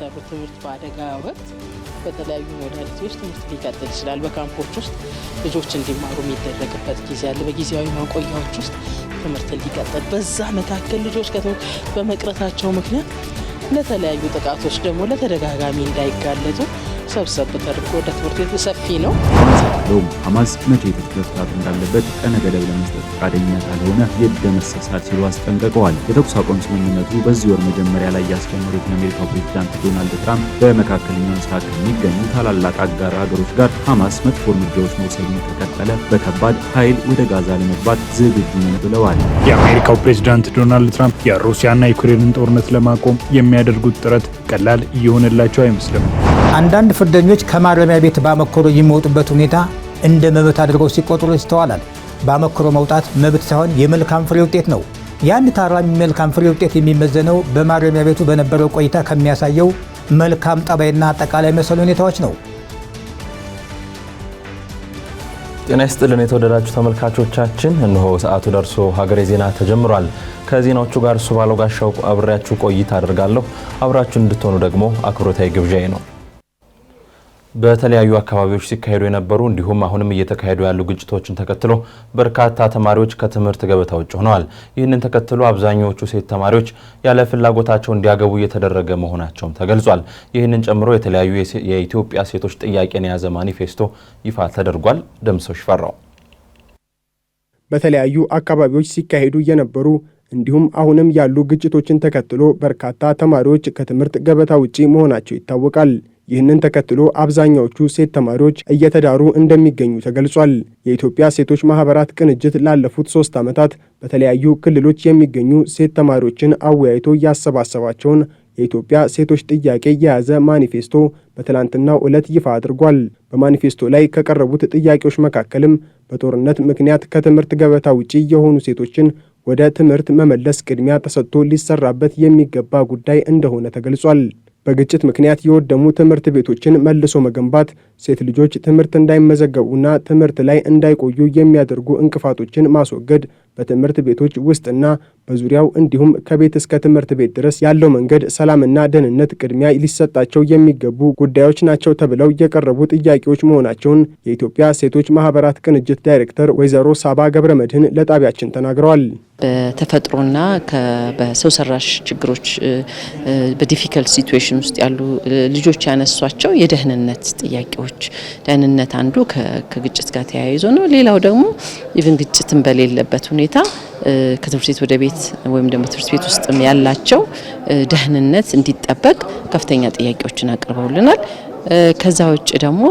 የሚሰሩ ትምህርት በአደጋ ወቅት በተለያዩ ሞዳሊቲዎች ትምህርት ሊቀጥል ይችላል። በካምፖች ውስጥ ልጆች እንዲማሩ የሚደረግበት ጊዜ አለ። በጊዜያዊ ማቆያዎች ውስጥ ትምህርት ሊቀጥል በዛ መካከል ልጆች ከትምህርት በመቅረታቸው ምክንያት ለተለያዩ ጥቃቶች ደግሞ ለተደጋጋሚ እንዳይጋለጡ ሰብሰብ ተደርጎ ወደ ትምህርት ቤት ሰፊ ነው። አስቀለውም ሐማስ መቼ የትጥቅ መፍታት እንዳለበት ቀነ ገደብ ለመስጠት ፈቃደኛ ካልሆነ ይደመሰሳል ሲሉ አስጠንቀቀዋል። የተኩስ አቁም ስምምነቱ በዚህ ወር መጀመሪያ ላይ ያስጀመሩት የአሜሪካው ፕሬዚዳንት ዶናልድ ትራምፕ በመካከለኛው ምስራቅ የሚገኙ ታላላቅ አጋር ሀገሮች ጋር ሐማስ መጥፎ እርምጃዎች መውሰዱን ከቀጠለ በከባድ ኃይል ወደ ጋዛ ለመግባት ዝግጁ ነን ብለዋል። የአሜሪካው ፕሬዚዳንት ዶናልድ ትራምፕ የሩሲያና ዩክሬንን ጦርነት ለማቆም የሚያደርጉት ጥረት ቀላል እየሆነላቸው አይመስልም። አንዳንድ ፍርደኞች ከማረሚያ ቤት በአመክሮ የሚወጡበት ሁኔታ እንደ መብት አድርገው ሲቆጥሩ ይስተዋላል። በአመክሮ መውጣት መብት ሳይሆን የመልካም ፍሬ ውጤት ነው። የአንድ ታራሚ መልካም ፍሬ ውጤት የሚመዘነው በማረሚያ ቤቱ በነበረው ቆይታ ከሚያሳየው መልካም ጠባይና አጠቃላይ መሰል ሁኔታዎች ነው። ጤና ይስጥልን የተወደዳችሁ ተመልካቾቻችን፣ እነሆ ሰዓቱ ደርሶ ሀገሬ ዜና ተጀምሯል። ከዜናዎቹ ጋር እሱ ባለው ጋሻው አብሬያችሁ ቆይታ አድርጋለሁ። አብራችሁ እንድትሆኑ ደግሞ አክብሮታዊ ግብዣዬ ነው። በተለያዩ አካባቢዎች ሲካሄዱ የነበሩ እንዲሁም አሁንም እየተካሄዱ ያሉ ግጭቶችን ተከትሎ በርካታ ተማሪዎች ከትምህርት ገበታ ውጭ ሆነዋል። ይህንን ተከትሎ አብዛኛዎቹ ሴት ተማሪዎች ያለ ፍላጎታቸው እንዲያገቡ እየተደረገ መሆናቸውም ተገልጿል። ይህንን ጨምሮ የተለያዩ የኢትዮጵያ ሴቶች ጥያቄን የያዘ ማኒፌስቶ ይፋ ተደርጓል። ደምሰው ሽፈራው በተለያዩ አካባቢዎች ሲካሄዱ የነበሩ እንዲሁም አሁንም ያሉ ግጭቶችን ተከትሎ በርካታ ተማሪዎች ከትምህርት ገበታ ውጪ መሆናቸው ይታወቃል። ይህንን ተከትሎ አብዛኛዎቹ ሴት ተማሪዎች እየተዳሩ እንደሚገኙ ተገልጿል። የኢትዮጵያ ሴቶች ማህበራት ቅንጅት ላለፉት ሶስት ዓመታት በተለያዩ ክልሎች የሚገኙ ሴት ተማሪዎችን አወያይቶ ያሰባሰባቸውን የኢትዮጵያ ሴቶች ጥያቄ የያዘ ማኒፌስቶ በትላንትናው ዕለት ይፋ አድርጓል። በማኒፌስቶ ላይ ከቀረቡት ጥያቄዎች መካከልም በጦርነት ምክንያት ከትምህርት ገበታ ውጪ የሆኑ ሴቶችን ወደ ትምህርት መመለስ ቅድሚያ ተሰጥቶ ሊሰራበት የሚገባ ጉዳይ እንደሆነ ተገልጿል። በግጭት ምክንያት የወደሙ ትምህርት ቤቶችን መልሶ መገንባት ሴት ልጆች ትምህርት እንዳይመዘገቡና ትምህርት ላይ እንዳይቆዩ የሚያደርጉ እንቅፋቶችን ማስወገድ በትምህርት ቤቶች ውስጥና በዙሪያው እንዲሁም ከቤት እስከ ትምህርት ቤት ድረስ ያለው መንገድ ሰላምና ደህንነት ቅድሚያ ሊሰጣቸው የሚገቡ ጉዳዮች ናቸው ተብለው የቀረቡ ጥያቄዎች መሆናቸውን የኢትዮጵያ ሴቶች ማህበራት ቅንጅት ዳይሬክተር ወይዘሮ ሳባ ገብረ መድህን ለጣቢያችን ተናግረዋል። በተፈጥሮና በሰው ሰራሽ ችግሮች በዲፊከልት ሲትዌሽን ውስጥ ያሉ ልጆች ያነሷቸው የደህንነት ጥያቄዎች፣ ደህንነት አንዱ ከግጭት ጋር ተያይዞ ነው። ሌላው ደግሞ ኢቭን ግጭትን በሌለበት ሁኔታ ሁኔታ ከትምህርት ቤት ወደ ቤት ወይም ደግሞ ትምህርት ቤት ውስጥም ያላቸው ደህንነት እንዲጠበቅ ከፍተኛ ጥያቄዎችን አቅርበውልናል። ከዛ ውጭ ደግሞ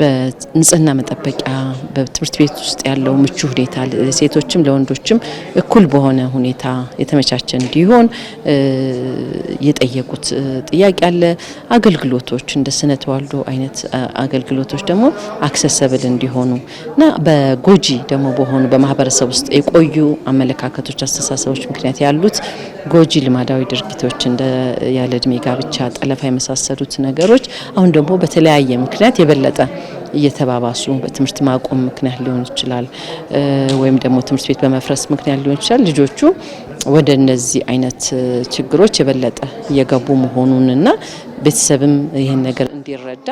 በንጽህና መጠበቂያ በትምህርት ቤት ውስጥ ያለው ምቹ ሁኔታ ለሴቶችም ለወንዶችም እኩል በሆነ ሁኔታ የተመቻቸ እንዲሆን የጠየቁት ጥያቄ አለ። አገልግሎቶች እንደ ስነ ተዋልዶ አይነት አገልግሎቶች ደግሞ አክሰሰብል እንዲሆኑ እና በጎጂ ደግሞ በሆኑ በማህበረሰብ ውስጥ የቆዩ አመለካከቶች፣ አስተሳሰቦች ምክንያት ያሉት ጎጂ ልማዳዊ ድርጊቶች እንደ ያለ እድሜ ጋብቻ፣ ጠለፋ የመሳሰሉት ነገሮች አሁን ደግሞ በተለያየ ምክንያት የበለጠ እየተባባሱ በትምህርት ማቆም ምክንያት ሊሆን ይችላል፣ ወይም ደግሞ ትምህርት ቤት በመፍረስ ምክንያት ሊሆን ይችላል። ልጆቹ ወደ እነዚህ አይነት ችግሮች የበለጠ እየገቡ መሆኑንና ቤተሰብም ይህን ነገር እንዲረዳ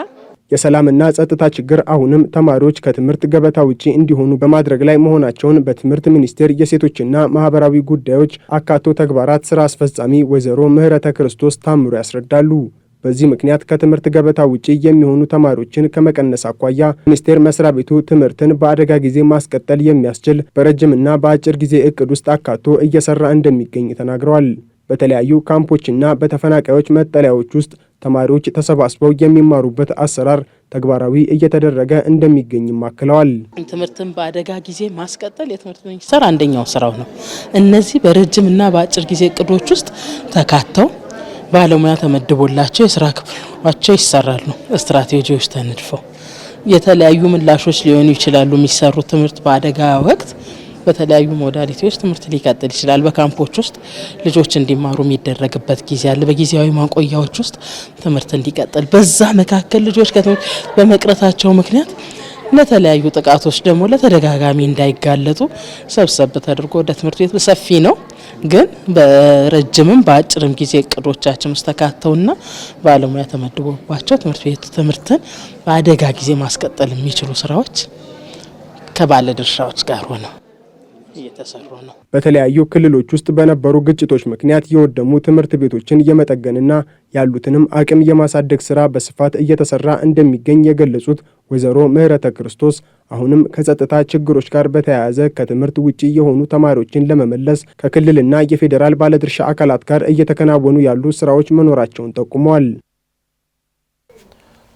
የሰላምና ጸጥታ ችግር አሁንም ተማሪዎች ከትምህርት ገበታ ውጪ እንዲሆኑ በማድረግ ላይ መሆናቸውን በትምህርት ሚኒስቴር የሴቶችና ማህበራዊ ጉዳዮች አካቶ ተግባራት ስራ አስፈጻሚ ወይዘሮ ምህረተ ክርስቶስ ታምሮ ያስረዳሉ። በዚህ ምክንያት ከትምህርት ገበታ ውጪ የሚሆኑ ተማሪዎችን ከመቀነስ አኳያ ሚኒስቴር መስሪያ ቤቱ ትምህርትን በአደጋ ጊዜ ማስቀጠል የሚያስችል በረጅምና በአጭር ጊዜ እቅድ ውስጥ አካቶ እየሰራ እንደሚገኝ ተናግረዋል። በተለያዩ ካምፖችና በተፈናቃዮች መጠለያዎች ውስጥ ተማሪዎች ተሰባስበው የሚማሩበት አሰራር ተግባራዊ እየተደረገ እንደሚገኝም አክለዋል። ትምህርትን በአደጋ ጊዜ ማስቀጠል የትምህርት ሚኒስቴር አንደኛው ስራው ነው። እነዚህ በረጅምና በአጭር ጊዜ እቅዶች ውስጥ ተካተው ባለሙያ ተመድቦላቸው የስራ ክፍሏቸው ይሰራሉ። ስትራቴጂዎች ተነድፈው የተለያዩ ምላሾች ሊሆኑ ይችላሉ። የሚሰሩ ትምህርት በአደጋ ወቅት በተለያዩ ሞዳሊቲዎች ትምህርት ሊቀጥል ይችላል። በካምፖች ውስጥ ልጆች እንዲማሩ የሚደረግበት ጊዜ አለ። በጊዜያዊ ማቆያዎች ውስጥ ትምህርት እንዲቀጥል በዛ መካከል ልጆች በመቅረታቸው ምክንያት ለተለያዩ ጥቃቶች ደግሞ ለተደጋጋሚ እንዳይጋለጡ ሰብሰብ ተደርጎ ወደ ትምህርት ቤት ሰፊ ነው ግን በረጅምም በአጭርም ጊዜ እቅዶቻችን ውስጥ ተካተውና ባለሙያ ተመድቦባቸው ትምህርት ቤቱ ትምህርትን በአደጋ ጊዜ ማስቀጠል የሚችሉ ስራዎች ከባለ ድርሻዎች ጋር ሆነው እየተሰሩ ነው። በተለያዩ ክልሎች ውስጥ በነበሩ ግጭቶች ምክንያት የወደሙ ትምህርት ቤቶችን የመጠገንና ያሉትንም አቅም የማሳደግ ስራ በስፋት እየተሰራ እንደሚገኝ የገለጹት ወይዘሮ ምህረተ ክርስቶስ አሁንም ከጸጥታ ችግሮች ጋር በተያያዘ ከትምህርት ውጪ የሆኑ ተማሪዎችን ለመመለስ ከክልልና የፌዴራል ባለድርሻ አካላት ጋር እየተከናወኑ ያሉ ስራዎች መኖራቸውን ጠቁመዋል።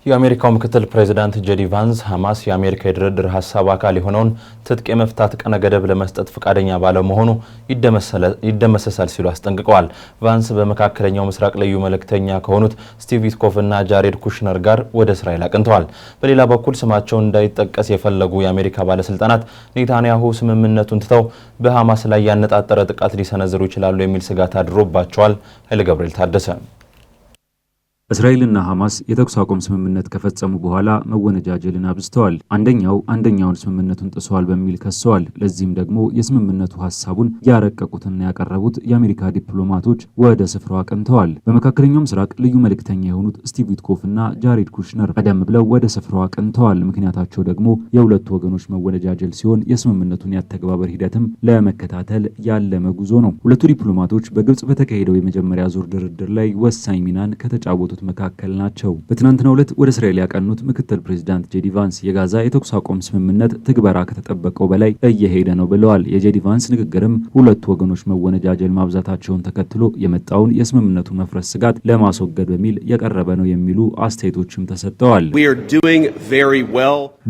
የአሜሪካው ምክትል ፕሬዚዳንት ጄዲ ቫንስ ሐማስ የአሜሪካ የድርድር ሀሳብ አካል የሆነውን ትጥቅ የመፍታት ቀነ ገደብ ለመስጠት ፈቃደኛ ባለመሆኑ ይደመሰሳል ሲሉ አስጠንቅቀዋል። ቫንስ በመካከለኛው ምስራቅ ልዩ መልእክተኛ ከሆኑት ስቲቭ ዊትኮፍ እና ጃሬድ ኩሽነር ጋር ወደ እስራኤል አቅንተዋል። በሌላ በኩል ስማቸውን እንዳይጠቀስ የፈለጉ የአሜሪካ ባለስልጣናት ኔታንያሁ ስምምነቱን ትተው በሐማስ ላይ ያነጣጠረ ጥቃት ሊሰነዝሩ ይችላሉ የሚል ስጋት አድሮባቸዋል። ኃይለ ገብርኤል ታደሰ እስራኤልና ሐማስ የተኩስ አቁም ስምምነት ከፈጸሙ በኋላ መወነጃጀልን አብዝተዋል። አንደኛው አንደኛውን ስምምነቱን ጥሰዋል በሚል ከሰዋል። ለዚህም ደግሞ የስምምነቱ ሀሳቡን ያረቀቁትና ያቀረቡት የአሜሪካ ዲፕሎማቶች ወደ ስፍራው አቅንተዋል። በመካከለኛው ምስራቅ ልዩ መልእክተኛ የሆኑት ስቲቭ ዊትኮፍ እና ጃሬድ ኩሽነር ቀደም ብለው ወደ ስፍራው አቅንተዋል። ምክንያታቸው ደግሞ የሁለቱ ወገኖች መወነጃጀል ሲሆን የስምምነቱን ያተገባበር ሂደትም ለመከታተል ያለመ ጉዞ ነው። ሁለቱ ዲፕሎማቶች በግብጽ በተካሄደው የመጀመሪያ ዙር ድርድር ላይ ወሳኝ ሚናን ከተጫወቱ ከተጠቀሱት መካከል ናቸው። በትናንትናው ዕለት ወደ እስራኤል ያቀኑት ምክትል ፕሬዚዳንት ጄዲ ቫንስ የጋዛ የተኩስ አቁም ስምምነት ትግበራ ከተጠበቀው በላይ እየሄደ ነው ብለዋል። የጄዲ ቫንስ ንግግርም ሁለቱ ወገኖች መወነጃጀል ማብዛታቸውን ተከትሎ የመጣውን የስምምነቱ መፍረስ ስጋት ለማስወገድ በሚል የቀረበ ነው የሚሉ አስተያየቶችም ተሰጥተዋል።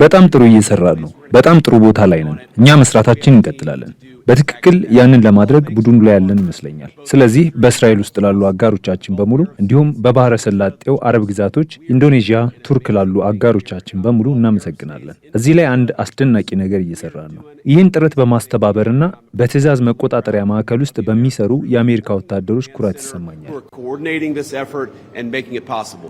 በጣም ጥሩ እየሰራ ነው። በጣም ጥሩ ቦታ ላይ ነን። እኛ መስራታችን እንቀጥላለን። በትክክል ያንን ለማድረግ ቡድኑ ላይ ያለን ይመስለኛል። ስለዚህ በእስራኤል ውስጥ ላሉ አጋሮቻችን በሙሉ እንዲሁም በባህረ ሰላጤው አረብ ግዛቶች፣ ኢንዶኔዥያ፣ ቱርክ ላሉ አጋሮቻችን በሙሉ እናመሰግናለን። እዚህ ላይ አንድ አስደናቂ ነገር እየሰራ ነው። ይህን ጥረት በማስተባበርና በትዕዛዝ መቆጣጠሪያ ማዕከል ውስጥ በሚሰሩ የአሜሪካ ወታደሮች ኩራት ይሰማኛል።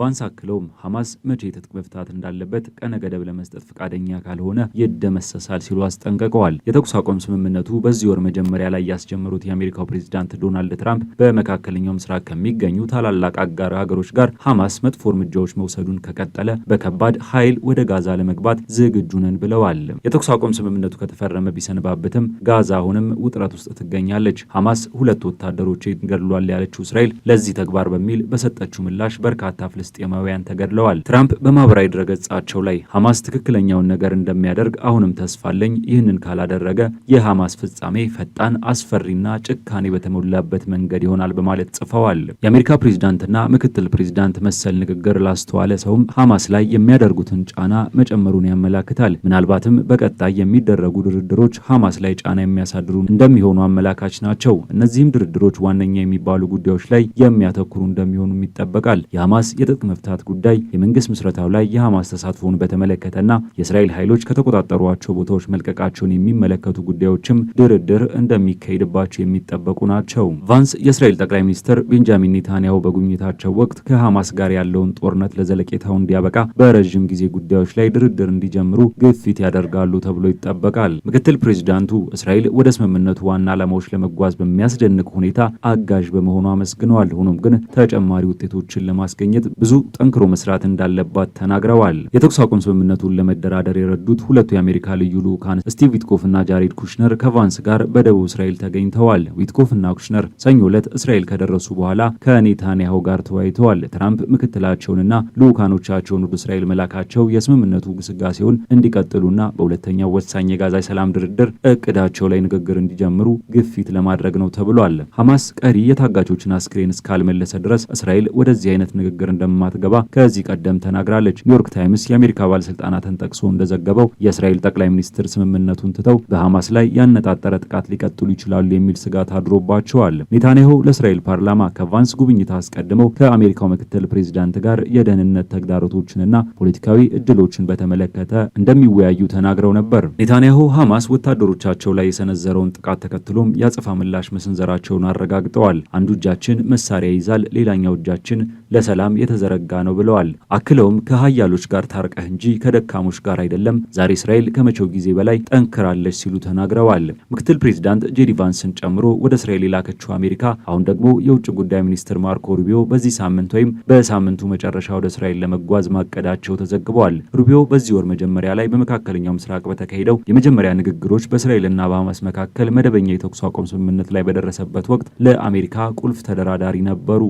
ቫንስ አክለውም ሐማስ መቼ የትጥቅ መፍታት እንዳለበት ቀነ ገደብ ለመስጠት ፈቃደኛ ካልሆነ ይደመሰሳል ሲሉ አስጠንቅቀዋል። የተኩስ አቁም ስምምነቱ በዚህ ወር መጀመሪያ ላይ ያስጀመሩት የአሜሪካው ፕሬዚዳንት ዶናልድ ትራምፕ በመካከለኛው ምስራቅ ከሚገኙ ታላላቅ አጋር ሀገሮች ጋር ሐማስ መጥፎ እርምጃዎች መውሰዱን ከቀጠለ በከባድ ኃይል ወደ ጋዛ ለመግባት ዝግጁ ነን ብለዋል። የተኩስ አቁም ስምምነቱ ከተፈረመ ቢሰንባበትም ጋዛ አሁንም ውጥረት ውስጥ ትገኛለች። ሐማስ ሁለት ወታደሮች ገድሏል ያለችው እስራኤል ለዚህ ተግባር በሚል በሰጠችው ምላሽ በርካታ ፍልስጤማውያን ተገድለዋል። ትራምፕ በማህበራዊ ድረገጻቸው ላይ ሐማስ ትክክለኛውን ነገር እንደሚያደርግ አሁን አሁንም ተስፋ አለኝ። ይህንን ካላደረገ የሐማስ ፍጻሜ ፈጣን፣ አስፈሪና ጭካኔ በተሞላበት መንገድ ይሆናል በማለት ጽፈዋል። የአሜሪካ ፕሬዝዳንትና ምክትል ፕሬዝዳንት መሰል ንግግር ላስተዋለ ሰውም ሐማስ ላይ የሚያደርጉትን ጫና መጨመሩን ያመላክታል። ምናልባትም በቀጣይ የሚደረጉ ድርድሮች ሐማስ ላይ ጫና የሚያሳድሩ እንደሚሆኑ አመላካች ናቸው። እነዚህም ድርድሮች ዋነኛ የሚባሉ ጉዳዮች ላይ የሚያተኩሩ እንደሚሆኑም ይጠበቃል። የሐማስ የትጥቅ መፍታት ጉዳይ፣ የመንግስት ምስረታው ላይ የሐማስ ተሳትፎን በተመለከተና የእስራኤል ኃይሎች ከተቆጣጠሩ ከሚቀርቧቸው ቦታዎች መልቀቃቸውን የሚመለከቱ ጉዳዮችም ድርድር እንደሚካሄድባቸው የሚጠበቁ ናቸው። ቫንስ የእስራኤል ጠቅላይ ሚኒስትር ቤንጃሚን ኔታንያሁ በጉብኝታቸው ወቅት ከሐማስ ጋር ያለውን ጦርነት ለዘለቄታው እንዲያበቃ በረዥም ጊዜ ጉዳዮች ላይ ድርድር እንዲጀምሩ ግፊት ያደርጋሉ ተብሎ ይጠበቃል። ምክትል ፕሬዚዳንቱ እስራኤል ወደ ስምምነቱ ዋና ዓላማዎች ለመጓዝ በሚያስደንቅ ሁኔታ አጋዥ በመሆኑ አመስግነዋል። ሆኖም ግን ተጨማሪ ውጤቶችን ለማስገኘት ብዙ ጠንክሮ መስራት እንዳለባት ተናግረዋል። የተኩስ አቁም ስምምነቱን ለመደራደር የረዱት ሁለቱ የአሜሪ የአሜሪካ ልዩ ልዑካን ስቲቭ ዊትኮፍ እና ጃሬድ ኩሽነር ከቫንስ ጋር በደቡብ እስራኤል ተገኝተዋል። ዊትኮፍ እና ኩሽነር ሰኞ ዕለት እስራኤል ከደረሱ በኋላ ከኔታንያሁ ጋር ተወያይተዋል። ትራምፕ ምክትላቸውንና ልዑካኖቻቸውን ወደ እስራኤል መላካቸው የስምምነቱ ግስጋሴውን እንዲቀጥሉና በሁለተኛው ወሳኝ የጋዛ ሰላም ድርድር እቅዳቸው ላይ ንግግር እንዲጀምሩ ግፊት ለማድረግ ነው ተብሏል። ሐማስ ቀሪ የታጋቾችን አስክሬን እስካልመለሰ ድረስ እስራኤል ወደዚህ አይነት ንግግር እንደማትገባ ከዚህ ቀደም ተናግራለች። ኒውዮርክ ታይምስ የአሜሪካ ባለስልጣናትን ጠቅሶ እንደዘገበው የእስራኤል ጠቅላይ ሚኒስትር ስምምነቱን ትተው በሐማስ ላይ ያነጣጠረ ጥቃት ሊቀጥሉ ይችላሉ የሚል ስጋት አድሮባቸዋል። ኔታንያሁ ለእስራኤል ፓርላማ ከቫንስ ጉብኝት አስቀድመው ከአሜሪካው ምክትል ፕሬዚዳንት ጋር የደህንነት ተግዳሮቶችንና ፖለቲካዊ እድሎችን በተመለከተ እንደሚወያዩ ተናግረው ነበር። ኔታንያሁ ሐማስ ወታደሮቻቸው ላይ የሰነዘረውን ጥቃት ተከትሎም የአጸፋ ምላሽ መሰንዘራቸውን አረጋግጠዋል። አንዱ እጃችን መሳሪያ ይዛል፣ ሌላኛው እጃችን ለሰላም የተዘረጋ ነው ብለዋል። አክለውም ከሀያሎች ጋር ታርቀህ እንጂ ከደካሞች ጋር አይደለም፣ ዛሬ እስራኤል ከመቼው ጊዜ በላይ ጠንክራለች ሲሉ ተናግረዋል። ምክትል ፕሬዚዳንት ጄዲ ቫንስን ጨምሮ ወደ እስራኤል የላከችው አሜሪካ አሁን ደግሞ የውጭ ጉዳይ ሚኒስትር ማርኮ ሩቢዮ በዚህ ሳምንት ወይም በሳምንቱ መጨረሻ ወደ እስራኤል ለመጓዝ ማቀዳቸው ተዘግበዋል። ሩቢዮ በዚህ ወር መጀመሪያ ላይ በመካከለኛው ምስራቅ በተካሄደው የመጀመሪያ ንግግሮች በእስራኤልና በሐማስ መካከል መደበኛ የተኩስ አቁም ስምምነት ላይ በደረሰበት ወቅት ለአሜሪካ ቁልፍ ተደራዳሪ ነበሩ።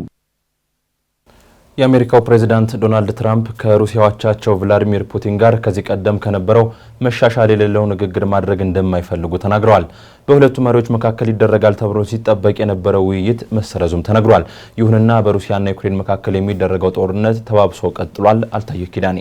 የአሜሪካው ፕሬዚዳንት ዶናልድ ትራምፕ ከሩሲያ አቻቸው ቭላዲሚር ፑቲን ጋር ከዚህ ቀደም ከነበረው መሻሻል የሌለው ንግግር ማድረግ እንደማይፈልጉ ተናግረዋል። በሁለቱ መሪዎች መካከል ይደረጋል ተብሎ ሲጠበቅ የነበረው ውይይት መሰረዙም ተነግሯል። ይሁንና በሩሲያና ዩክሬን መካከል የሚደረገው ጦርነት ተባብሶ ቀጥሏል። አልታየ ኪዳኔ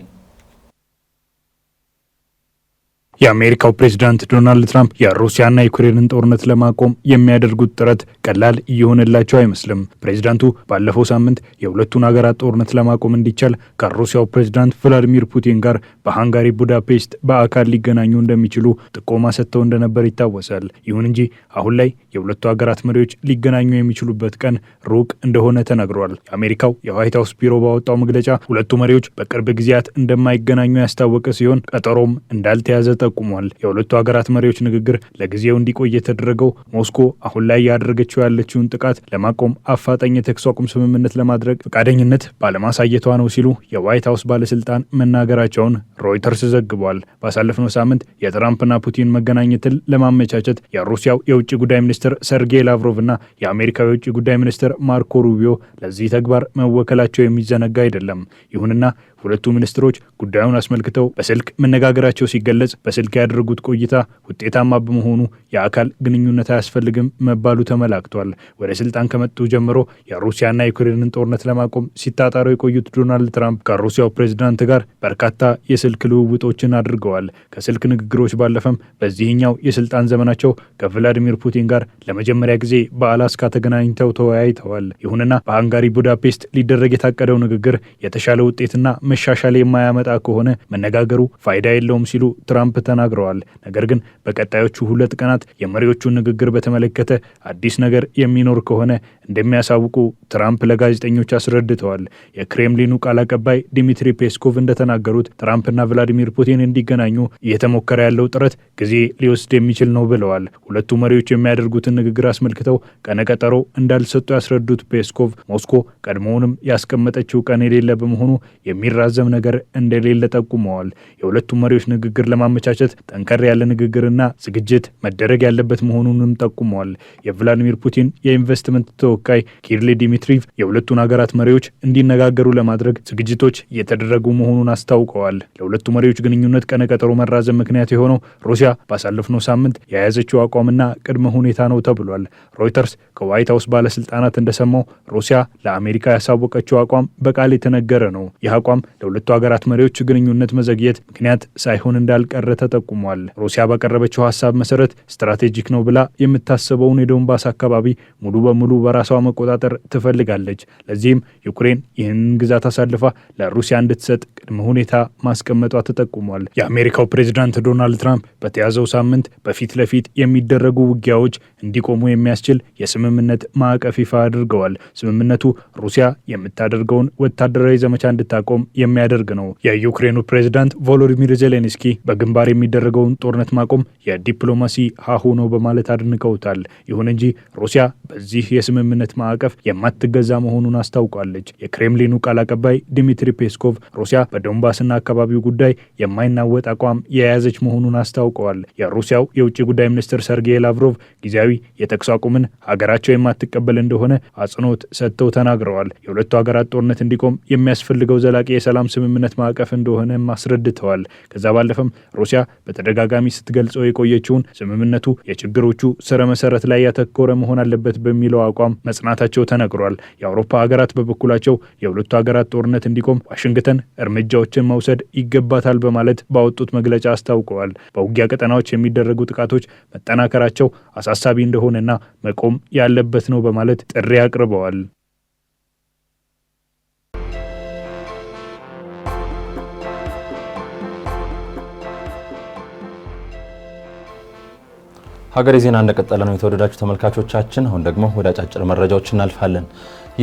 የአሜሪካው ፕሬዚዳንት ዶናልድ ትራምፕ የሩሲያና ዩክሬንን ጦርነት ለማቆም የሚያደርጉት ጥረት ቀላል እየሆነላቸው አይመስልም። ፕሬዚዳንቱ ባለፈው ሳምንት የሁለቱን ሀገራት ጦርነት ለማቆም እንዲቻል ከሩሲያው ፕሬዚዳንት ቭላዲሚር ፑቲን ጋር በሃንጋሪ ቡዳፔስት በአካል ሊገናኙ እንደሚችሉ ጥቆማ ሰጥተው እንደነበር ይታወሳል። ይሁን እንጂ አሁን ላይ የሁለቱ ሀገራት መሪዎች ሊገናኙ የሚችሉበት ቀን ሩቅ እንደሆነ ተናግረዋል። የአሜሪካው የዋይት ሀውስ ቢሮ ባወጣው መግለጫ ሁለቱ መሪዎች በቅርብ ጊዜያት እንደማይገናኙ ያስታወቀ ሲሆን ቀጠሮም እንዳልተያዘ ጠቁሟል። የሁለቱ ሀገራት መሪዎች ንግግር ለጊዜው እንዲቆይ የተደረገው ሞስኮ አሁን ላይ ያደረገችው ያለችውን ጥቃት ለማቆም አፋጣኝ የተኩስ አቁም ስምምነት ለማድረግ ፈቃደኝነት ባለማሳየቷ ነው ሲሉ የዋይት ሀውስ ባለስልጣን መናገራቸውን ሮይተርስ ዘግቧል። ባሳለፍነው ሳምንት የትራምፕና ፑቲን መገናኘትን ለማመቻቸት የሩሲያው የውጭ ጉዳይ ሚኒስትር ሰርጌይ ላቭሮቭና የአሜሪካው የውጭ ጉዳይ ሚኒስትር ማርኮ ሩቢዮ ለዚህ ተግባር መወከላቸው የሚዘነጋ አይደለም። ይሁንና ሁለቱ ሚኒስትሮች ጉዳዩን አስመልክተው በስልክ መነጋገራቸው ሲገለጽ በስልክ ያደረጉት ቆይታ ውጤታማ በመሆኑ የአካል ግንኙነት አያስፈልግም መባሉ ተመላክቷል። ወደ ስልጣን ከመጡ ጀምሮ የሩሲያና ዩክሬንን ጦርነት ለማቆም ሲታጠረው የቆዩት ዶናልድ ትራምፕ ከሩሲያው ፕሬዝዳንት ጋር በርካታ የስልክ ልውውጦችን አድርገዋል። ከስልክ ንግግሮች ባለፈም በዚህኛው የስልጣን ዘመናቸው ከቭላዲሚር ፑቲን ጋር ለመጀመሪያ ጊዜ በአላስካ ተገናኝተው ተወያይተዋል። ይሁንና በሃንጋሪ ቡዳፔስት ሊደረግ የታቀደው ንግግር የተሻለ ውጤትና መሻሻል የማያመጣ ከሆነ መነጋገሩ ፋይዳ የለውም ሲሉ ትራምፕ ተናግረዋል። ነገር ግን በቀጣዮቹ ሁለት ቀናት የመሪዎቹን ንግግር በተመለከተ አዲስ ነገር የሚኖር ከሆነ እንደሚያሳውቁ ትራምፕ ለጋዜጠኞች አስረድተዋል። የክሬምሊኑ ቃል አቀባይ ዲሚትሪ ፔስኮቭ እንደተናገሩት ትራምፕና ቭላዲሚር ፑቲን እንዲገናኙ እየተሞከረ ያለው ጥረት ጊዜ ሊወስድ የሚችል ነው ብለዋል። ሁለቱ መሪዎች የሚያደርጉትን ንግግር አስመልክተው ቀነ ቀጠሮ እንዳልሰጡ ያስረዱት ፔስኮቭ ሞስኮ ቀድሞውንም ያስቀመጠችው ቀን የሌለ በመሆኑ የሚ የሚራዘም ነገር እንደሌለ ጠቁመዋል። የሁለቱም መሪዎች ንግግር ለማመቻቸት ጠንከር ያለ ንግግርና ዝግጅት መደረግ ያለበት መሆኑንም ጠቁመዋል። የቭላዲሚር ፑቲን የኢንቨስትመንት ተወካይ ኪሪል ዲሚትሪቭ የሁለቱን ሀገራት መሪዎች እንዲነጋገሩ ለማድረግ ዝግጅቶች እየተደረጉ መሆኑን አስታውቀዋል። ለሁለቱ መሪዎች ግንኙነት ቀነቀጠሮ መራዘም ምክንያት የሆነው ሩሲያ ባሳለፍነው ሳምንት የያዘችው አቋምና ቅድመ ሁኔታ ነው ተብሏል። ሮይተርስ ከዋይት ሀውስ ባለስልጣናት እንደሰማው ሩሲያ ለአሜሪካ ያሳወቀችው አቋም በቃል የተነገረ ነው። ይህ አቋም ለሁለቱ ሀገራት መሪዎች ግንኙነት መዘግየት ምክንያት ሳይሆን እንዳልቀረ ተጠቁሟል። ሩሲያ ባቀረበችው ሀሳብ መሰረት ስትራቴጂክ ነው ብላ የምታስበውን የዶንባስ አካባቢ ሙሉ በሙሉ በራሷ መቆጣጠር ትፈልጋለች። ለዚህም ዩክሬን ይህንን ግዛት አሳልፋ ለሩሲያ እንድትሰጥ ቅድመ ሁኔታ ማስቀመጧ ተጠቁሟል። የአሜሪካው ፕሬዚዳንት ዶናልድ ትራምፕ በተያዘው ሳምንት በፊት ለፊት የሚደረጉ ውጊያዎች እንዲቆሙ የሚያስችል የስምምነት ማዕቀፍ ይፋ አድርገዋል። ስምምነቱ ሩሲያ የምታደርገውን ወታደራዊ ዘመቻ እንድታቆም የሚያደርግ ነው። የዩክሬኑ ፕሬዚዳንት ቮሎዲሚር ዜሌንስኪ በግንባር የሚደረገውን ጦርነት ማቆም የዲፕሎማሲ ሀሁ ነው በማለት አድንቀውታል። ይሁን እንጂ ሩሲያ በዚህ የስምምነት ማዕቀፍ የማትገዛ መሆኑን አስታውቋለች። የክሬምሊኑ ቃል አቀባይ ዲሚትሪ ፔስኮቭ ሩሲያ በዶንባስና አካባቢው ጉዳይ የማይናወጥ አቋም የያዘች መሆኑን አስታውቀዋል። የሩሲያው የውጭ ጉዳይ ሚኒስትር ሰርጌይ ላቭሮቭ ጊዜያዊ የተኩስ አቁምን ሀገራቸው የማትቀበል እንደሆነ አጽንኦት ሰጥተው ተናግረዋል። የሁለቱ ሀገራት ጦርነት እንዲቆም የሚያስፈልገው ዘላቂ የሰላም ስምምነት ማዕቀፍ እንደሆነም አስረድተዋል። ከዛ ባለፈም ሩሲያ በተደጋጋሚ ስትገልጸው የቆየችውን ስምምነቱ የችግሮቹ ስረ መሰረት ላይ ያተኮረ መሆን አለበት በሚለው አቋም መጽናታቸው ተነግሯል። የአውሮፓ ሀገራት በበኩላቸው የሁለቱ ሀገራት ጦርነት እንዲቆም ዋሽንግተን እርምጃዎችን መውሰድ ይገባታል በማለት ባወጡት መግለጫ አስታውቀዋል። በውጊያ ቀጠናዎች የሚደረጉ ጥቃቶች መጠናከራቸው አሳሳቢ እንደሆነና መቆም ያለበት ነው በማለት ጥሪ አቅርበዋል። ሀገሬ ዜና እንደቀጠለ ነው። የተወደዳችሁ ተመልካቾቻችን፣ አሁን ደግሞ ወደ አጫጭር መረጃዎች እናልፋለን።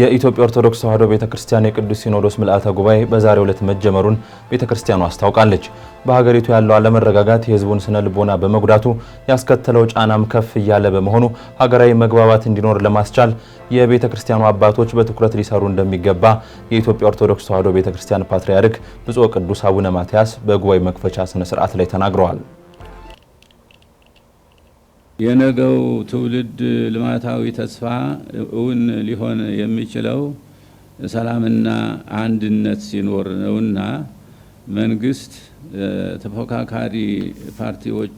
የኢትዮጵያ ኦርቶዶክስ ተዋሕዶ ቤተ ክርስቲያን የቅዱስ ሲኖዶስ ምልአተ ጉባኤ በዛሬው ዕለት መጀመሩን ቤተ ክርስቲያኑ አስታውቃለች። በሀገሪቱ ያለው አለመረጋጋት የሕዝቡን ስነ ልቦና በመጉዳቱ ያስከተለው ጫናም ከፍ እያለ በመሆኑ ሀገራዊ መግባባት እንዲኖር ለማስቻል የቤተ ክርስቲያኑ አባቶች በትኩረት ሊሰሩ እንደሚገባ የኢትዮጵያ ኦርቶዶክስ ተዋሕዶ ቤተ ክርስቲያን ፓትርያርክ ብፁዕ ቅዱስ አቡነ ማትያስ በጉባኤ መክፈቻ ስነ ስርዓት ላይ ተናግረዋል። የነገው ትውልድ ልማታዊ ተስፋ እውን ሊሆን የሚችለው ሰላምና አንድነት ሲኖር ነውና መንግስት ተፎካካሪ ፓርቲዎች፣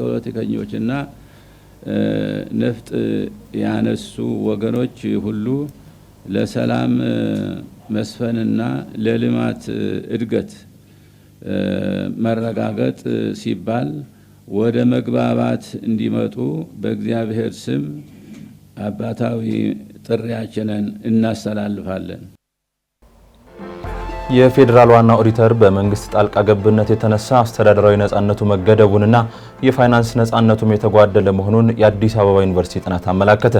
ፖለቲከኞች እና ነፍጥ ያነሱ ወገኖች ሁሉ ለሰላም መስፈንና ለልማት እድገት መረጋገጥ ሲባል ወደ መግባባት እንዲመጡ በእግዚአብሔር ስም አባታዊ ጥሪያችንን እናስተላልፋለን። የፌዴራል ዋና ኦዲተር በመንግስት ጣልቃ ገብነት የተነሳ አስተዳደራዊ ነጻነቱ መገደቡንና የፋይናንስ ነፃነቱም የተጓደለ መሆኑን የአዲስ አበባ ዩኒቨርሲቲ ጥናት አመላከተ።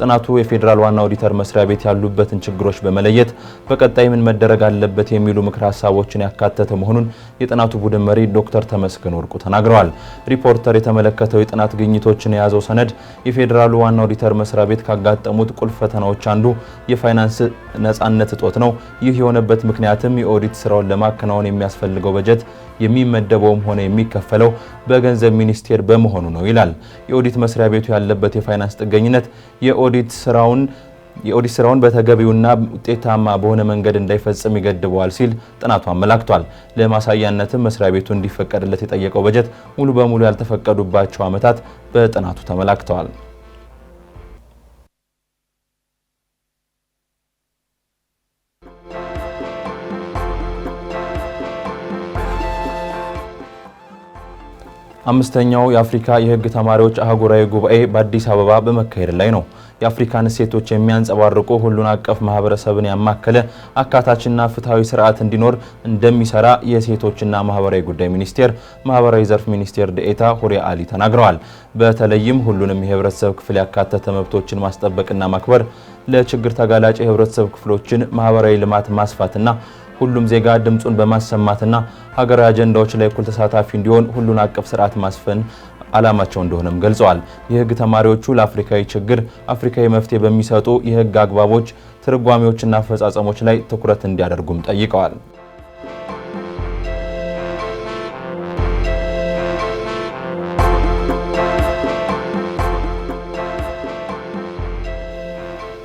ጥናቱ የፌዴራል ዋና ኦዲተር መስሪያ ቤት ያሉበትን ችግሮች በመለየት በቀጣይ ምን መደረግ አለበት የሚሉ ምክር ሀሳቦችን ያካተተ መሆኑን የጥናቱ ቡድን መሪ ዶክተር ተመስገን ወርቁ ተናግረዋል። ሪፖርተር የተመለከተው የጥናት ግኝቶችን የያዘው ሰነድ የፌዴራሉ ዋና ኦዲተር መስሪያ ቤት ካጋጠሙት ቁልፍ ፈተናዎች አንዱ የፋይናንስ ነፃነት እጦት ነው። ይህ የሆነበት ምክንያትም የኦዲት ስራውን ለማከናወን የሚያስፈልገው በጀት የሚመደበውም ሆነ የሚከፈለው በገንዘብ ሚኒስቴር በመሆኑ ነው ይላል። የኦዲት መስሪያ ቤቱ ያለበት የፋይናንስ ጥገኝነት የኦዲት ስራውን የኦዲት ስራውን በተገቢውና ውጤታማ በሆነ መንገድ እንዳይፈጽም ይገድበዋል ሲል ጥናቱ አመላክቷል። ለማሳያነትም መስሪያ ቤቱ እንዲፈቀድለት የጠየቀው በጀት ሙሉ በሙሉ ያልተፈቀዱባቸው ዓመታት በጥናቱ ተመላክተዋል። አምስተኛው የአፍሪካ የህግ ተማሪዎች አህጉራዊ ጉባኤ በአዲስ አበባ በመካሄድ ላይ ነው። የአፍሪካን እሴቶች የሚያንጸባርቁ ሁሉን አቀፍ ማህበረሰብን ያማከለ አካታችና ፍትሐዊ ስርዓት እንዲኖር እንደሚሰራ የሴቶችና ማህበራዊ ጉዳይ ሚኒስቴር ማህበራዊ ዘርፍ ሚኒስቴር ደኤታ ሁሪያ አሊ ተናግረዋል። በተለይም ሁሉንም የህብረተሰብ ክፍል ያካተተ መብቶችን ማስጠበቅና ማክበር፣ ለችግር ተጋላጭ የህብረተሰብ ክፍሎችን ማህበራዊ ልማት ማስፋትና ሁሉም ዜጋ ድምፁን በማሰማትና ሀገራዊ አጀንዳዎች ላይ እኩል ተሳታፊ እንዲሆን ሁሉን አቀፍ ስርዓት ማስፈን አላማቸው እንደሆነም ገልጸዋል። የህግ ተማሪዎቹ ለአፍሪካዊ ችግር አፍሪካዊ መፍትሄ በሚሰጡ የህግ አግባቦች ትርጓሜዎችና አፈጻጸሞች ላይ ትኩረት እንዲያደርጉም ጠይቀዋል።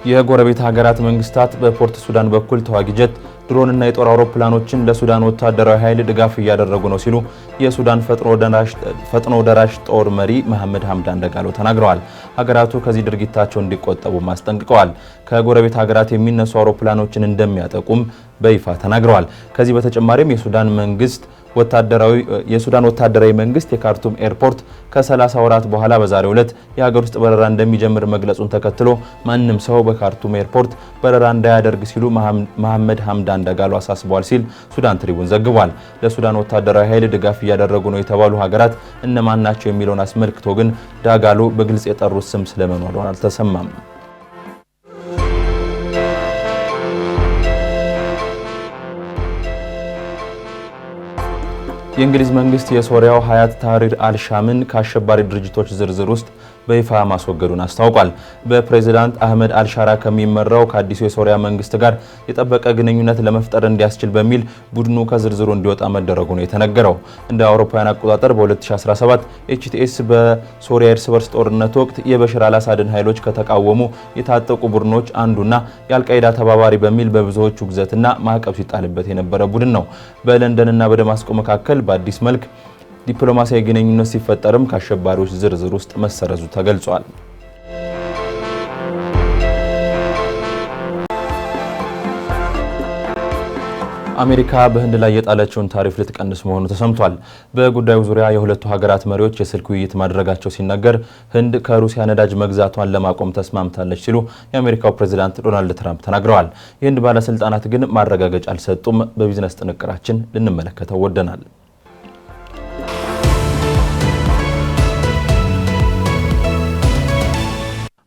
የጎረቤት ሀገራት መንግስታት በፖርት ሱዳን በኩል ተዋጊ ጀት ድሮንና የጦር አውሮፕላኖችን ለሱዳን ወታደራዊ ኃይል ድጋፍ እያደረጉ ነው ሲሉ የሱዳን ፈጥኖ ደራሽ ጦር መሪ መሐመድ ሀምዳን ደጋሎ ተናግረዋል። ሀገራቱ ከዚህ ድርጊታቸው እንዲቆጠቡም አስጠንቅቀዋል። ከጎረቤት ሀገራት የሚነሱ አውሮፕላኖችን እንደሚያጠቁም በይፋ ተናግረዋል። ከዚህ በተጨማሪም የሱዳን መንግስት ወታደራዊ የሱዳን ወታደራዊ መንግስት የካርቱም ኤርፖርት ከ30 ወራት በኋላ በዛሬው ዕለት የሀገር ውስጥ በረራ እንደሚጀምር መግለጹን ተከትሎ ማንም ሰው በካርቱም ኤርፖርት በረራ እንዳያደርግ ሲሉ መሐመድ ሀምዳን ደጋሎ አሳስበዋል ሲል ሱዳን ትሪቡን ዘግቧል። ለሱዳን ወታደራዊ ኃይል ድጋፍ እያደረጉ ነው የተባሉ ሀገራት እነማን ናቸው የሚለውን አስመልክቶ ግን ዳጋሎ በግልጽ የጠሩት ስም ስለመኖሩን አልተሰማም። የእንግሊዝ መንግስት የሶሪያው ሀያት ታህሪር አልሻምን ከአሸባሪ ድርጅቶች ዝርዝር ውስጥ በይፋ ማስወገዱን አስታውቋል። በፕሬዚዳንት አህመድ አልሻራ ከሚመራው ከአዲሱ የሶሪያ መንግስት ጋር የጠበቀ ግንኙነት ለመፍጠር እንዲያስችል በሚል ቡድኑ ከዝርዝሩ እንዲወጣ መደረጉ ነው የተነገረው። እንደ አውሮፓውያን አቆጣጠር በ2017 ኤችቲኤስ በሶሪያ እርስ በርስ ጦርነት ወቅት የበሽር አላሳድን ኃይሎች ከተቃወሙ የታጠቁ ቡድኖች አንዱና የአልቃይዳ ተባባሪ በሚል በብዙዎች ውግዘትና ማዕቀብ ሲጣልበት የነበረ ቡድን ነው። በለንደንና በደማስቆ መካከል በአዲስ መልክ ዲፕሎማሲያዊ ግንኙነት ሲፈጠርም ከአሸባሪዎች ዝርዝር ውስጥ መሰረዙ ተገልጿል። አሜሪካ በህንድ ላይ የጣለችውን ታሪፍ ልትቀንስ መሆኑ ተሰምቷል። በጉዳዩ ዙሪያ የሁለቱ ሀገራት መሪዎች የስልክ ውይይት ማድረጋቸው ሲነገር ህንድ ከሩሲያ ነዳጅ መግዛቷን ለማቆም ተስማምታለች ሲሉ የአሜሪካው ፕሬዚዳንት ዶናልድ ትራምፕ ተናግረዋል። የህንድ ባለስልጣናት ግን ማረጋገጫ አልሰጡም። በቢዝነስ ጥንቅራችን ልንመለከተው ወደናል።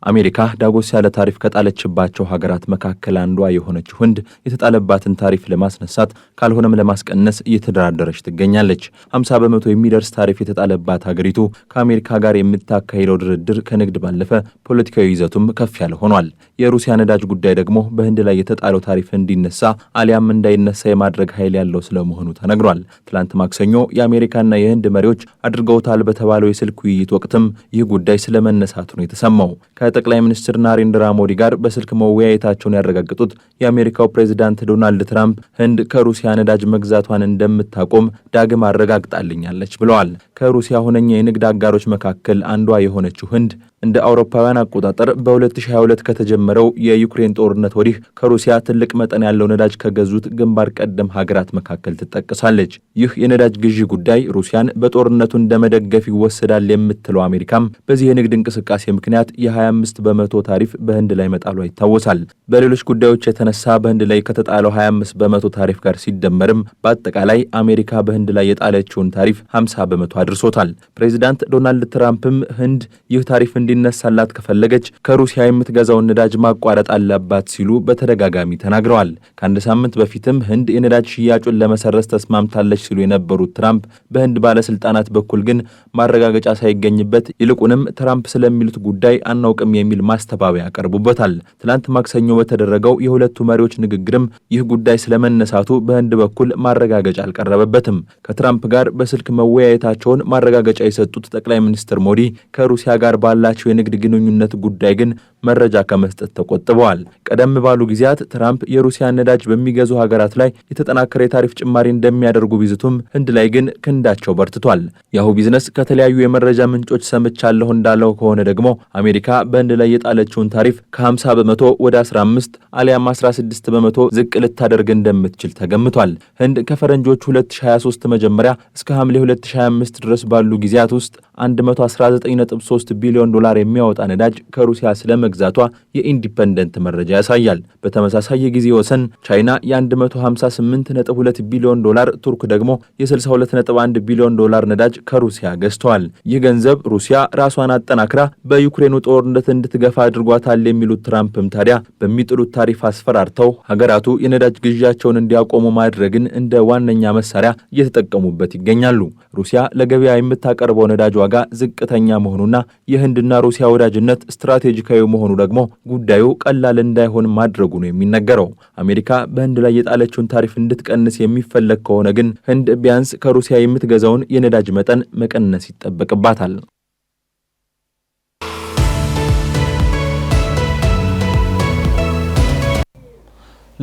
አሜሪካ ዳጎስ ያለ ታሪፍ ከጣለችባቸው ሀገራት መካከል አንዷ የሆነችው ህንድ የተጣለባትን ታሪፍ ለማስነሳት ካልሆነም ለማስቀነስ እየተደራደረች ትገኛለች። 50 በመቶ የሚደርስ ታሪፍ የተጣለባት ሀገሪቱ ከአሜሪካ ጋር የምታካሄደው ድርድር ከንግድ ባለፈ ፖለቲካዊ ይዘቱም ከፍ ያለ ሆኗል። የሩሲያ ነዳጅ ጉዳይ ደግሞ በህንድ ላይ የተጣለው ታሪፍ እንዲነሳ አሊያም እንዳይነሳ የማድረግ ኃይል ያለው ስለመሆኑ ተነግሯል። ትላንት ማክሰኞ የአሜሪካና የህንድ መሪዎች አድርገውታል በተባለው የስልክ ውይይት ወቅትም ይህ ጉዳይ ስለመነሳቱ ነው የተሰማው። ከጠቅላይ ሚኒስትር ናሬንድራ ሞዲ ጋር በስልክ መወያየታቸውን ያረጋገጡት የአሜሪካው ፕሬዚዳንት ዶናልድ ትራምፕ ህንድ ከሩሲያ ነዳጅ መግዛቷን እንደምታቆም ዳግም አረጋግጣልኛለች ብለዋል። ከሩሲያ ሁነኛ የንግድ አጋሮች መካከል አንዷ የሆነችው ህንድ እንደ አውሮፓውያን አቆጣጠር በ2022 ከተጀመረው የዩክሬን ጦርነት ወዲህ ከሩሲያ ትልቅ መጠን ያለው ነዳጅ ከገዙት ግንባር ቀደም ሀገራት መካከል ትጠቀሳለች። ይህ የነዳጅ ግዢ ጉዳይ ሩሲያን በጦርነቱ እንደመደገፍ ይወሰዳል የምትለው አሜሪካም በዚህ የንግድ እንቅስቃሴ ምክንያት የ25 በመቶ ታሪፍ በህንድ ላይ መጣሏ ይታወሳል። በሌሎች ጉዳዮች የተነሳ በህንድ ላይ ከተጣለው 25 በመቶ ታሪፍ ጋር ሲደመርም በአጠቃላይ አሜሪካ በህንድ ላይ የጣለችውን ታሪፍ 50 በመቶ አድርሶታል። ፕሬዚዳንት ዶናልድ ትራምፕም ህንድ ይህ ታሪፍ እንዲ እንዲነሳላት ከፈለገች ከሩሲያ የምትገዛውን ነዳጅ ማቋረጥ አለባት ሲሉ በተደጋጋሚ ተናግረዋል። ከአንድ ሳምንት በፊትም ህንድ የነዳጅ ሽያጩን ለመሰረስ ተስማምታለች ሲሉ የነበሩት ትራምፕ በህንድ ባለስልጣናት በኩል ግን ማረጋገጫ ሳይገኝበት ይልቁንም ትራምፕ ስለሚሉት ጉዳይ አናውቅም የሚል ማስተባበያ ቀርቡበታል። ትናንት ማክሰኞ በተደረገው የሁለቱ መሪዎች ንግግርም ይህ ጉዳይ ስለመነሳቱ በህንድ በኩል ማረጋገጫ አልቀረበበትም። ከትራምፕ ጋር በስልክ መወያየታቸውን ማረጋገጫ የሰጡት ጠቅላይ ሚኒስትር ሞዲ ከሩሲያ ጋር ባላቸው የንግድ ግንኙነት ጉዳይ ግን መረጃ ከመስጠት ተቆጥበዋል። ቀደም ባሉ ጊዜያት ትራምፕ የሩሲያን ነዳጅ በሚገዙ ሀገራት ላይ የተጠናከረ የታሪፍ ጭማሪ እንደሚያደርጉ ቢዝቱም ህንድ ላይ ግን ክንዳቸው በርትቷል። ያሁ ቢዝነስ ከተለያዩ የመረጃ ምንጮች ሰምቻለሁ እንዳለው ከሆነ ደግሞ አሜሪካ በህንድ ላይ የጣለችውን ታሪፍ ከ50 በመቶ ወደ 15 አሊያም 16 በመቶ ዝቅ ልታደርግ እንደምትችል ተገምቷል። ህንድ ከፈረንጆቹ 2023 መጀመሪያ እስከ ሐምሌ 2025 ድረስ ባሉ ጊዜያት ውስጥ 119.3 ቢሊዮን ዶላር የሚያወጣ ነዳጅ ከሩሲያ ስለመግ መግዛቷ የኢንዲፐንደንት መረጃ ያሳያል። በተመሳሳይ የጊዜ ወሰን ቻይና የ158.2 ቢሊዮን ዶላር፣ ቱርክ ደግሞ የ62.1 ቢሊዮን ዶላር ነዳጅ ከሩሲያ ገዝተዋል። ይህ ገንዘብ ሩሲያ ራሷን አጠናክራ በዩክሬኑ ጦርነት እንድትገፋ አድርጓታል የሚሉት ትራምፕም ታዲያ በሚጥሉት ታሪፍ አስፈራርተው ሀገራቱ የነዳጅ ግዢያቸውን እንዲያቆሙ ማድረግን እንደ ዋነኛ መሳሪያ እየተጠቀሙበት ይገኛሉ። ሩሲያ ለገበያ የምታቀርበው ነዳጅ ዋጋ ዝቅተኛ መሆኑና የህንድና ሩሲያ ወዳጅነት ስትራቴጂካዊ መሆኑ መሆኑ ደግሞ ጉዳዩ ቀላል እንዳይሆን ማድረጉ ነው የሚነገረው። አሜሪካ በህንድ ላይ የጣለችውን ታሪፍ እንድትቀንስ የሚፈለግ ከሆነ ግን ህንድ ቢያንስ ከሩሲያ የምትገዛውን የነዳጅ መጠን መቀነስ ይጠበቅባታል።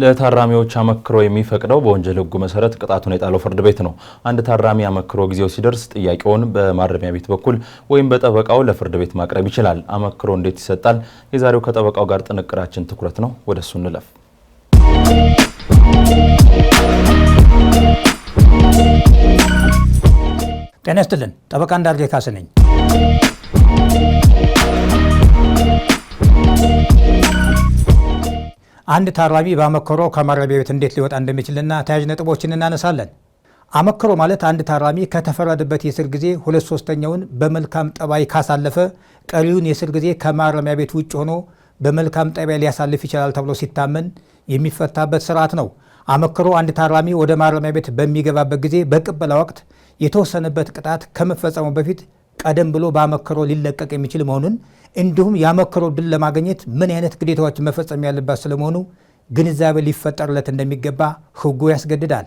ለታራሚዎች አመክሮ የሚፈቅደው በወንጀል ህጉ መሰረት ቅጣቱን የጣለው ፍርድ ቤት ነው። አንድ ታራሚ አመክሮ ጊዜው ሲደርስ ጥያቄውን በማረሚያ ቤት በኩል ወይም በጠበቃው ለፍርድ ቤት ማቅረብ ይችላል። አመክሮ እንዴት ይሰጣል? የዛሬው ከጠበቃው ጋር ጥንቅራችን ትኩረት ነው። ወደ እሱ እንለፍ። ጤና ይስጥልን። ጠበቃ እንዳርጌ ካስ ነኝ። አንድ ታራሚ በአመክሮ ከማረሚያ ቤት እንዴት ሊወጣ እንደሚችልና ተያዥ ነጥቦችን እናነሳለን። አመክሮ ማለት አንድ ታራሚ ከተፈረደበት የእስር ጊዜ ሁለት ሶስተኛውን በመልካም ጠባይ ካሳለፈ ቀሪውን የእስር ጊዜ ከማረሚያ ቤት ውጭ ሆኖ በመልካም ጠባይ ሊያሳልፍ ይችላል ተብሎ ሲታመን የሚፈታበት ስርዓት ነው። አመክሮ አንድ ታራሚ ወደ ማረሚያ ቤት በሚገባበት ጊዜ በቅበላ ወቅት የተወሰነበት ቅጣት ከመፈጸሙ በፊት ቀደም ብሎ በአመክሮ ሊለቀቅ የሚችል መሆኑን እንዲሁም ያመከረው ድል ለማግኘት ምን አይነት ግዴታዎች መፈጸም ያለባት ስለመሆኑ ግንዛቤ ሊፈጠርለት እንደሚገባ ህጉ ያስገድዳል።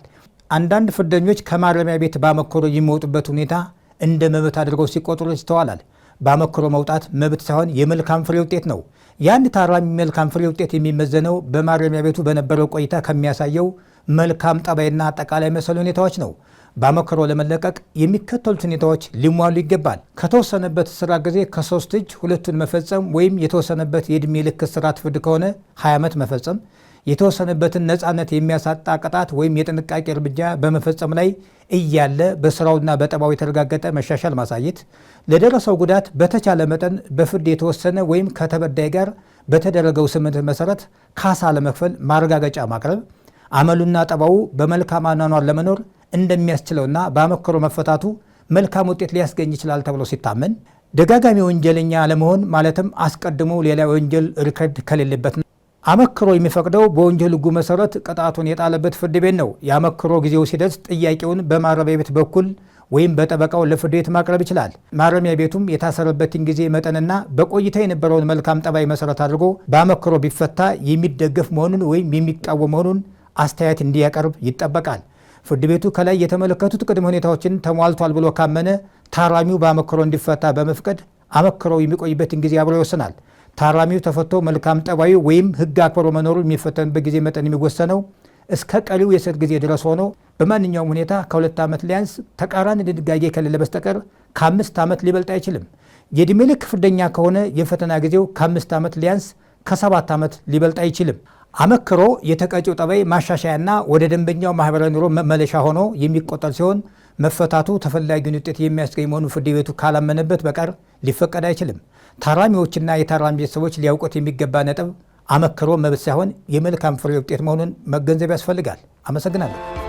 አንዳንድ ፍርደኞች ከማረሚያ ቤት ባመከሮ የሚወጡበት ሁኔታ እንደ መብት አድርገው ሲቆጥሩ ይስተዋላል። ባመክሮ መውጣት መብት ሳይሆን የመልካም ፍሬ ውጤት ነው። የአንድ ታራሚ መልካም ፍሬ ውጤት የሚመዘነው በማረሚያ ቤቱ በነበረው ቆይታ ከሚያሳየው መልካም ጠባይና አጠቃላይ መሰል ሁኔታዎች ነው። በአመክሮ ለመለቀቅ የሚከተሉት ሁኔታዎች ሊሟሉ ይገባል። ከተወሰነበት ስራ ጊዜ ከሶስት እጅ ሁለቱን መፈጸም ወይም የተወሰነበት የዕድሜ ልክ ስርዓት ፍርድ ከሆነ 20 ዓመት መፈጸም የተወሰነበትን ነፃነት የሚያሳጣ ቅጣት ወይም የጥንቃቄ እርምጃ በመፈጸም ላይ እያለ በስራውና በጠባው የተረጋገጠ መሻሻል ማሳየት፣ ለደረሰው ጉዳት በተቻለ መጠን በፍርድ የተወሰነ ወይም ከተበዳይ ጋር በተደረገው ስምምነት መሰረት ካሳ ለመክፈል ማረጋገጫ ማቅረብ፣ አመሉና ጠባው በመልካም አኗኗር ለመኖር እንደሚያስችለውና በአመክሮ መፈታቱ መልካም ውጤት ሊያስገኝ ይችላል ተብሎ ሲታመን ደጋጋሚ ወንጀለኛ ለመሆን ማለትም አስቀድሞ ሌላ ወንጀል ሪከርድ ከሌለበት አመክሮ የሚፈቅደው በወንጀል ህጉ መሰረት ቅጣቱን የጣለበት ፍርድ ቤት ነው። የአመክሮ ጊዜው ሲደርስ ጥያቄውን በማረሚያ ቤት በኩል ወይም በጠበቃው ለፍርድ ቤት ማቅረብ ይችላል። ማረሚያ ቤቱም የታሰረበትን ጊዜ መጠንና በቆይታ የነበረውን መልካም ጠባይ መሰረት አድርጎ በአመክሮ ቢፈታ የሚደገፍ መሆኑን ወይም የሚቃወም መሆኑን አስተያየት እንዲያቀርብ ይጠበቃል። ፍርድ ቤቱ ከላይ የተመለከቱት ቅድመ ሁኔታዎችን ተሟልቷል ብሎ ካመነ ታራሚው በአመክሮ እንዲፈታ በመፍቀድ አመክሮ የሚቆይበትን ጊዜ አብሮ ይወስናል። ታራሚው ተፈቶ መልካም ጠባዩ ወይም ሕግ አክብሮ መኖሩ የሚፈተንበት ጊዜ መጠን የሚወሰነው እስከ ቀሪው የእስር ጊዜ ድረስ ሆኖ በማንኛውም ሁኔታ ከሁለት ዓመት ሊያንስ ተቃራኒ ድንጋጌ ከሌለ በስተቀር ከአምስት ዓመት ሊበልጥ አይችልም። የዕድሜ ልክ ፍርደኛ ከሆነ የፈተና ጊዜው ከአምስት ዓመት ሊያንስ ከሰባት ዓመት ሊበልጥ አይችልም። አመክሮ የተቀጪው ጠበይ ማሻሻያና ወደ ደንበኛው ማህበራዊ ኑሮ መመለሻ ሆኖ የሚቆጠር ሲሆን መፈታቱ ተፈላጊውን ውጤት የሚያስገኝ መሆኑ ፍርድ ቤቱ ካላመነበት በቀር ሊፈቀድ አይችልም። ታራሚዎችና የታራሚ ቤተሰቦች ሊያውቁት የሚገባ ነጥብ አመክሮ መብት ሳይሆን የመልካም ፍሬ ውጤት መሆኑን መገንዘብ ያስፈልጋል። አመሰግናለሁ።